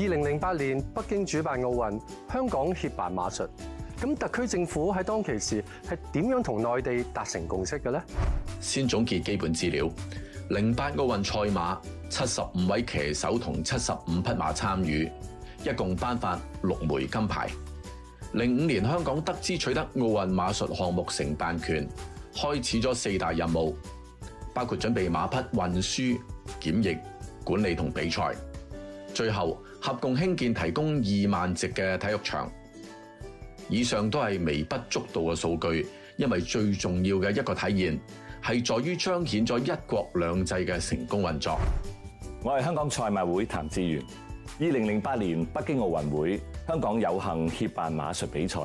二零零八年北京主辦奧運，香港協辦馬術，咁特區政府喺當其時係點樣同內地達成共識嘅呢？先總結基本資料：零八奧運賽馬，七十五位騎手同七十五匹馬參與，一共頒發六枚金牌。零五年香港得知取得奧運馬術項目承辦權，開始咗四大任務，包括準備馬匹運輸、檢疫、管理同比賽。最後，合共興建提供二萬席嘅體育場，以上都係微不足道嘅數據，因為最重要嘅一個體現係在於彰顯咗一國兩制嘅成功運作。我係香港賽馬會譚志源。二零零八年北京奧運會，香港有幸協辦馬術比賽。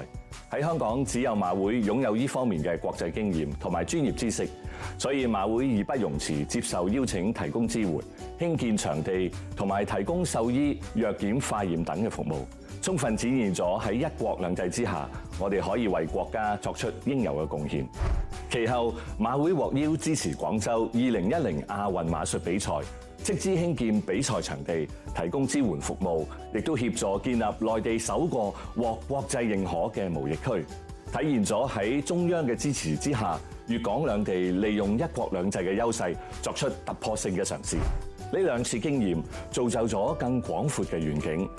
喺香港，只有馬會擁有呢方面嘅國際經驗同埋專業知識，所以馬會義不容辭接受邀請，提供支援、興建場地同埋提供獸醫、藥檢、化驗等嘅服務，充分展現咗喺一國兩制之下，我哋可以為國家作出應有嘅貢獻。其後，馬會獲邀支持廣州二零一零亞運馬術比賽，斥資興建比賽場地，提供支援服務，亦都協助建立內地首個獲國際認可嘅無疫區，體現咗喺中央嘅支持之下，粵港兩地利用一國兩制嘅優勢，作出突破性嘅嘗試。呢兩次經驗造就咗更廣闊嘅遠景。